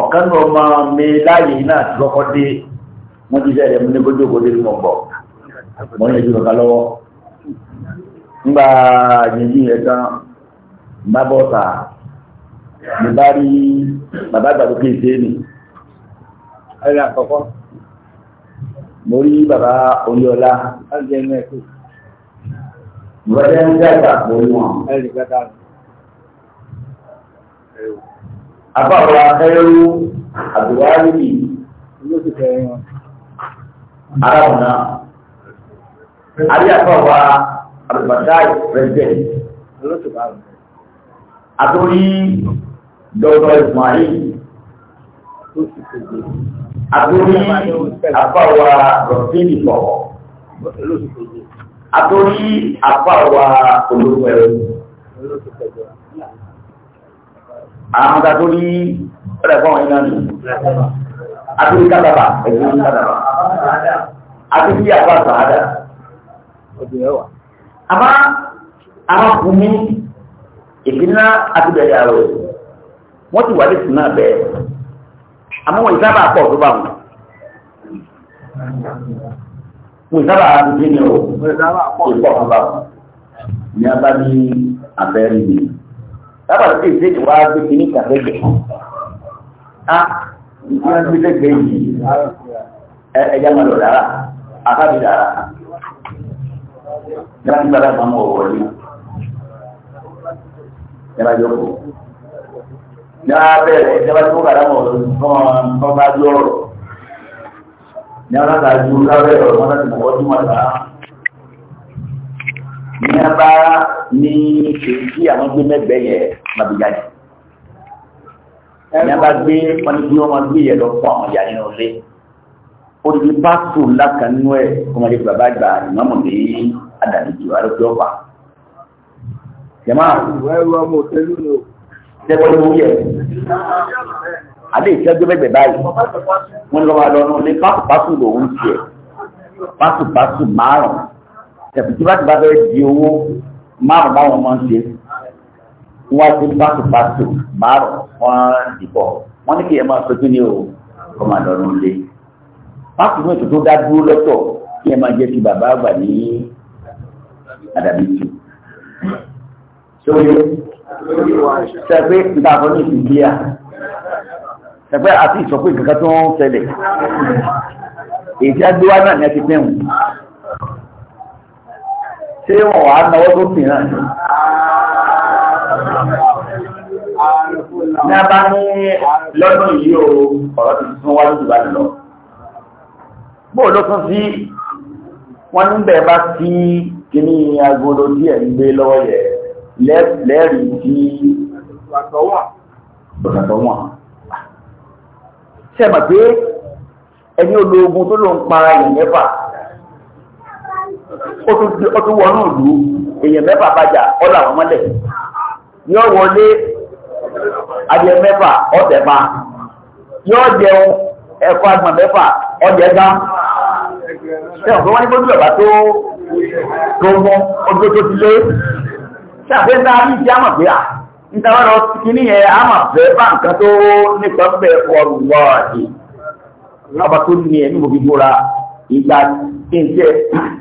ọ̀kan ní ọmọ mi láàyè náà ti kọ́kọ́ dé wọ́n ti sẹ́yẹ̀ mú ní kójú òkòdé ní mọ̀ bọ̀ mọ́ yẹn ju kàkà lọ́wọ́ ńgbà yìnyín yẹn tán bá bọ́ ta bá rí bàbá àgbà tó kéde nì. ẹ̀rọ àkọ́kọ́. mo rí bàbá oyọlá. láti ẹnu ẹ̀ kú. bọ́dẹ́ ń dàgbà pọ̀ wọn. ẹ̀rì gbàdá. ẹ̀rù àbáwọ̀ akẹ́rù àbúwárìbì arábùnà àbí àbáwọ̀ àbùbàṣáì rẹ̀jẹ̀ àtòrí dọ́dọ̀ ìsmáyé àtòrí àbáwọ̀ rọ̀fíìnì pọ̀ àtòrí àbáwọ̀ olóògbẹ̀rẹ̀ àwọn ta tó rí ọ̀rẹ́ fún ọ̀yìn náà nù àti ní kábàbà ẹ̀jẹ̀ ní kábàbà àti bí àpá sàádà àmá àwọn kù mí ìpínlẹ̀ àti bẹ̀rẹ̀ àrò wọ́n ti wà ní sùn náà bẹ́ẹ̀ àmọ́ wọ́n ìsábà pọ̀ tó bá wọn wọ́n ìsábà àti bí ni o ìpọ̀ tó bá wọn ní abá ní abẹ́rẹ́ yìí lábàá tó ṣe ìwà gbèsè ní kàfẹ́gbẹ̀ á ìwà gbèsègbè yìí ẹja máa lọ dára àkábì dára yàrá nígbà láti máa mú ọ̀wọ́ yìí yàrá jókòó yàrá bẹ̀rẹ̀ yàrá tó kàdá mọ̀ ọ̀rọ̀ bá jọ̀rọ̀ yàrá láti ju lábẹ́rẹ̀ ọ̀rọ̀ wọn láti mọ̀ ọdún wọn dára ní a bá ní kí àwọn gbé mẹ́gbẹ́ yẹn máa bí jáde ní a bá gbé wọn ní bí wọn máa gbé yẹn lọ fún àwọn ìyá nínú ilé olùdí pásítọ̀ lákàánú ẹ̀ kọ́mọdé bàbá gbà ìmọ̀mọ̀ ní adàlejò arúgbó ọ̀pá. jẹ́mọ́ tẹ́gbọ́n ló yẹ àlẹ́ ìṣẹ́jú mẹ́gbẹ̀ẹ́ báyìí wọ́n lọ́wọ́ lọ́nà ní pásítọ̀ pásítọ̀ lòún tiẹ̀ pásítọ̀ pásítọ̀ márùn ẹ̀bùn tí wọ́n ti bá fẹ́ di owó márùn báwọn máa ń ṣe wọ́n ti pàṣẹ pàṣẹ márùn wọ́n dìbọ̀ wọ́n ní kí ẹ máa sojú ní o kọ́ máa lọ́rùn lé pàṣẹ fún ètò tó dá dúró lọ́tọ̀ kí ẹ máa jẹ́ ti bàbá àgbà ní àdàbí tù. sórí sẹ́gbẹ́ ìdáfọ́ ní ìsìnkíyà sẹ́gbẹ́ àti ìsọ̀kú ìkankan tó ń ṣẹlẹ̀ èyí tí a gbé wá náà ní ẹ ti pẹ́wọ̀n ṣé wọn wàá náwó tó bì náà ni. ní a bá ní lọ́dún yìí o ọ̀rọ̀ ti tún wájú jù bá lọ. bóò ló tún sí wọ́n ń bẹ̀ bá sí kíní agolo díẹ̀ ń gbé lọ́wọ́ yẹ lẹ́rìí sí ọ̀sàtọ̀ wọn. ṣé ẹ mọ̀ pé ẹni ológun tó ló ń para ìyẹn ó tún wọnú ìlú èèyàn mẹ́fà bàjá ọ̀là wọn mọ́lẹ̀ yọ wọlé adìẹ mẹ́fà ọ̀tẹ̀ pa yọ jẹun ẹ̀kọ́ agbọ̀n mẹ́fà ọ̀jẹ̀ gá ṣẹ́wọ̀n tó wọ́n ní bójú ẹ̀bà tó tó mú ojú tó ti lé ṣàfihàn náà ní ìdí àmọ̀ pé à ń tàwọn lọ kíní yẹn àmọ̀ fẹ́ bá nǹkan tó nípa bẹ́ẹ̀ ọ̀rùn wọ́ọ̀dì ọba tó ní ẹ̀ ìgbà tí n jẹ́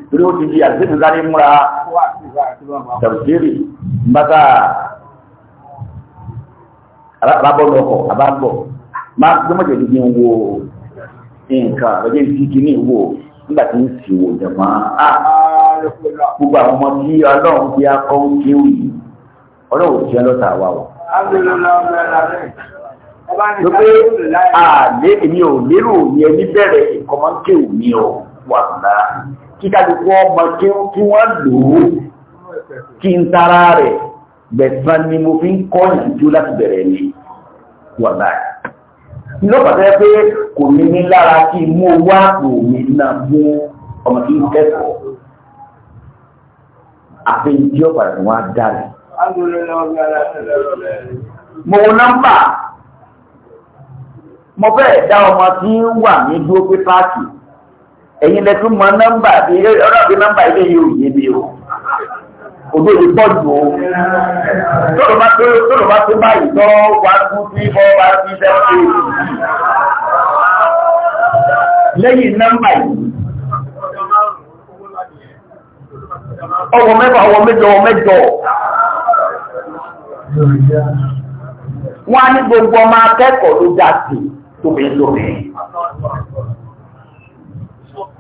torí ó ti di àgbẹ̀sìn sáré múra tẹ̀síìrì mbàtà arábọ́lù ọkọ̀ abágbọ̀ máa gbọ́mọ̀jẹ̀ ní wo nǹkan àbẹ̀jẹ̀ ìdíkì ní wo nígbà tí ń sì wò jẹ̀mọ́ á ah, gbogbo àwọn ọmọ tí ọlọ́run ti akọ́ ń kí wì ọlọ́run ti ọlọ́ta wa o. ló pé àlé èmi ò lérò ní ẹni bẹ̀rẹ̀ ìkọ́mọ́ńkéwù mi o wà náà kí kálukú ọmọ kí wọ́n lò ó kí n tara rẹ̀ gbẹ̀sán ni mo fi ń kọ́ ìjú láti bẹ̀rẹ̀ ni wà náà lọ́pàá pé kò ní ní lára kí mú owó àpò mi náà mú ọmọ kí mo fẹ́ dá ọmọ tí ń wà ní dúró pé páàkì ẹ̀yin lẹ́tún mọ nọ́mbà bí ọlọ́ọ̀bí nọ́mbà ilé yóò yé mi o òbí òbí pọ̀ jù o tọ́lọ̀ bá tó tọ́lọ̀ bá tó báyìí lọ wá two three four five six seven eight lẹ́yìn nọ́mbà yìí ọwọ́ mẹ́fà ọwọ́ mẹ́jọ ọwọ́ mẹ́jọ wọ́n á ní gbogbo ọmọ akẹ́kọ̀ọ́ ló dá sí tóbi lómi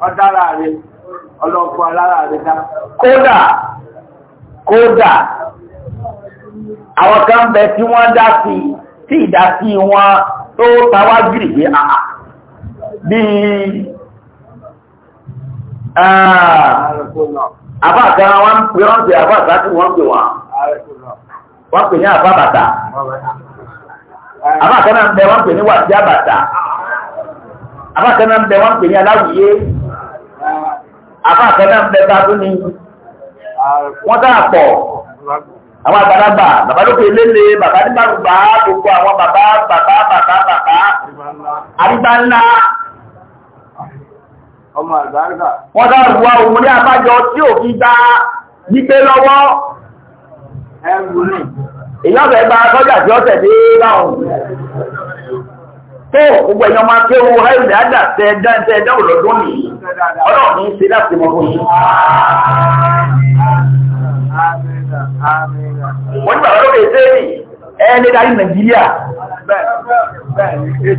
ọ̀dára rẹ̀ ọlọ́pọ̀ alára rẹ̀ dá. kódà kódà àwọn kan bẹ tí wọ́n dá sí tí ìdásí wọn tó tawá gírì pé àà ah, ah. bí ah, àbáàkan wọ́n pè wọ́n pè àbáàkà tí wọ́n pè wọ́n wọ́n pè ní àbábàtà àbáàkan náà bẹ wọ́n pè ní wàsíàbàtà àbáàkan náà bẹ wọ́n pè ní aláwìyé àbá àkọ́dá ń bẹ bá tó ní wọ́n sáà pọ̀ àwọn àgbàlagbà bàbá lókè lélè bàbá ní márùbá gbogbo àwọn bàbá bàbá bàbá bàbá àríbá ńlá wọ́n sáà wà òun ní àbájọ tí ò fi gba gbígbé lọ́wọ́ èyí ọ̀fẹ́ gba sọ́jà tí ó tẹ̀lé báwọn tó gbogbo ẹ̀yàn máa ké owó ẹ̀rù dáadáa tẹ ẹ̀dá ẹ̀dá ẹ̀dá òlọ́dún nìyí ọlọ́run ní ṣe láti mọ fún yín. wọ́n ní bàbá lókè sẹ́ẹ̀lì ẹni darí nàìjíríà.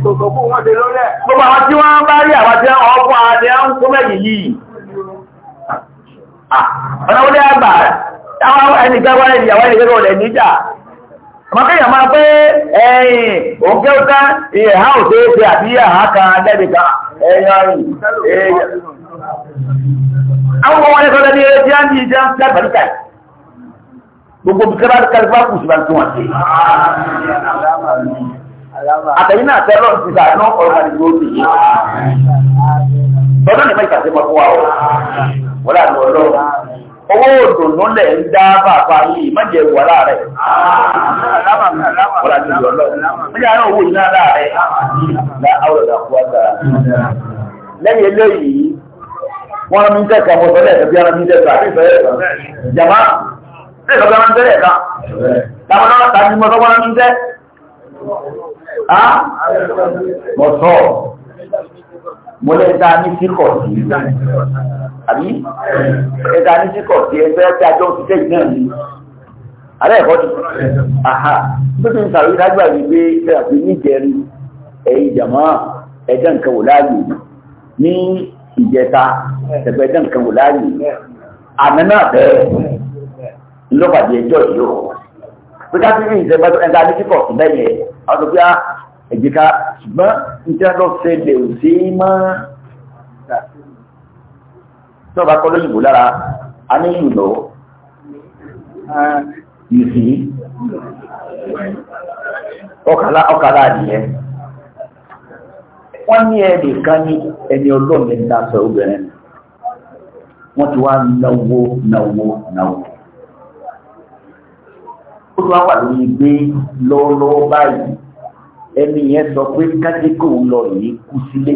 gbogbo àwọn tí wọ́n bá rí àwọn tí wọ́n fún àwọn tí wọ́n kó mẹ́yìn yìí. ọ̀nà wọlé àgbà táwọn ẹnìkan wọlé ìyàwó ẹnìkan wọlé níjà mọ̀kẹ́yà máa pé ẹ̀yìn òǹkẹ́ òká ìhà òṣèṣe àti àhà kan lẹ́bìkà ẹ̀yìn àwọn ọmọ ẹ̀kọ́ lẹ́bí tí a ní ìjẹ́ ń tẹ́ bẹ̀rẹ̀ káì gbogbo kẹrẹ kẹrẹfà kù sí bàtí wọn sí àtẹ̀yìn náà tẹ́lọ̀ ti sà ní ọ̀rọ̀ àdìgbò owó òdòdó lẹ̀ ń dá bàbá yìí má jẹ wà láàrẹ̀. Wọ́n láti yọ̀ lọ. Wọ́n yára owó iná láàrẹ̀. Lá àwọn ọ̀dà kú ọ̀dà. Lẹ́yìn eléyìí, wọ́n rán mi tẹ̀ka mo sọ lẹ́ẹ̀kan bí ara mi tẹ̀ka àti ìfẹ́ jàmá. Lẹ́yìn lọ́gbà máa ń tẹ́lẹ̀ ká. Táwọn náà ta ni mo sọ wọ́n rán mi tẹ́. Mọ̀ sọ̀rọ̀ mo lè ta ní síkọ̀ sí àbí ẹ̀ta ní síkọ̀ sí ẹgbẹ́ tí a jọ ti tẹ́jì náà ní alẹ́ ẹ̀kọ́ tó àhà tó ti ń sàrí lágbà wípé tẹ́lẹ̀tì níjẹ̀rí ẹ̀yìn jàmọ́ ẹjẹ́ nǹkan wò láàyè ní ìjẹta ẹgbẹ́ ẹjẹ́ nǹkan wò láàyè àmì náà bẹ́ẹ̀ lọ́pàdé ẹjọ́ ìlú pé ká sí ní ìjẹba ẹ̀ta ní síkọ̀ sí bẹ́ẹ̀ yẹn àwọn tó bí ẹ̀jíká ṣùgbọ́n ìtẹ́lọ́sẹ̀lẹ̀ ò sí mọ́ tọ́ba kọ́ lóyìnbó lára a ní ìlú ìsì ọkàlá ọkàlá adìyẹ wọ́n ní ẹnì kan ní ẹni ọlọ́ọ̀ni dáṣọ obìnrin wọ́n ti wá náwó náwó náwó ó ti wá wà lórí gbé lọ́wọ́lọ́wọ́ báyìí ẹni yẹn sọ pé kájíkò ń lọ yìí kú sílé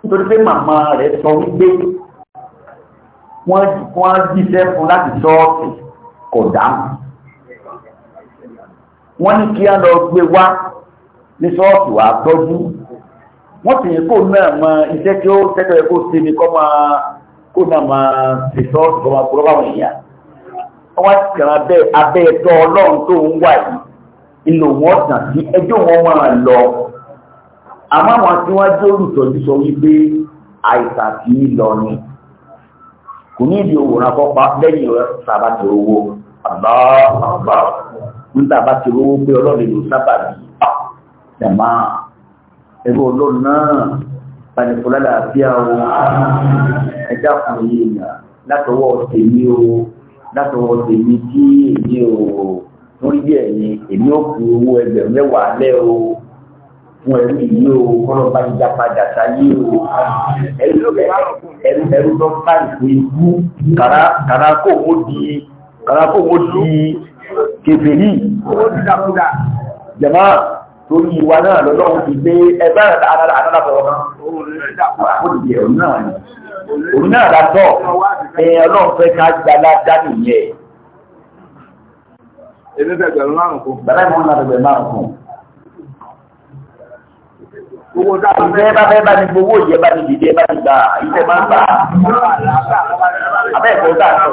nítorí pé màmá rẹ̀ sọ wípé wọ́n wọ́n jíṣẹ́ fún láti ṣọ́ọ̀tì kò dáhùn wọ́n ní kí á lọ gbé wá ní ṣọ́ọ̀tì wà tọ́jú wọ́n sì yẹn kó náà mọ iṣẹ́ tí ó tẹ́tọ̀ ẹ̀ kó ṣe ni kọ́ máa kó náà máa ṣe ṣọ́ọ̀tì kọ́ máa kúrọ́ báwọn èèyàn wọ́n wá kàn abẹ́ abẹ́ ẹ̀tọ́ ọlọ́run tó ń wà yìí ìlò wọn tàn sí ẹjọ́ wọn máa lọ àmọ́ àwọn tí wọ́n jẹ́ olùtọ́jú sọ wípé àìsàn kì í lọ ni kò ní ìdí òwò náà kọ́pa lẹ́yìn sábà ti owó àbáwọ̀ níta bá ti owó pé ọlọ́run ló sábà bí jàmá ẹgbẹ́ olóòrùn náà panìkúlá làbíà o ẹjá kan yìí nà látọwọ́ tèmi o látọwọ́ tèmi tí èmi o lórí ẹ̀yìn èmi ò kú owó ẹgbẹ̀rún mẹ́wàá lẹ́ o fún ẹrú yìí o kọ́nà bá yíjà padà sáyé o ẹrú ẹrú ẹrú tó bá ìpò ikú kàrà kó o di kàrà kó o di kèfèrí jẹ̀mọ́ torí ìwà náà lọ́lọ́run ti gbé ẹgbẹ́ àdára bọ̀rọ̀ kan ó di ẹ̀rù náà ni òun náà látọ̀ ẹ̀yìn ọlọ́run fẹ́ ká gbalá dá nìyẹn èmi fẹ́ gbẹ̀rún márùn kún. bàbá ìmọ̀ náà gbẹ̀rún márùn kún. gbogbo táwọn fẹ́ bá fẹ́ bá ní gbowó ìjẹ́ bá ní dìde bá ní gbà ìfẹ́ bá ń gbà. abẹ́ ìfọwọ́ta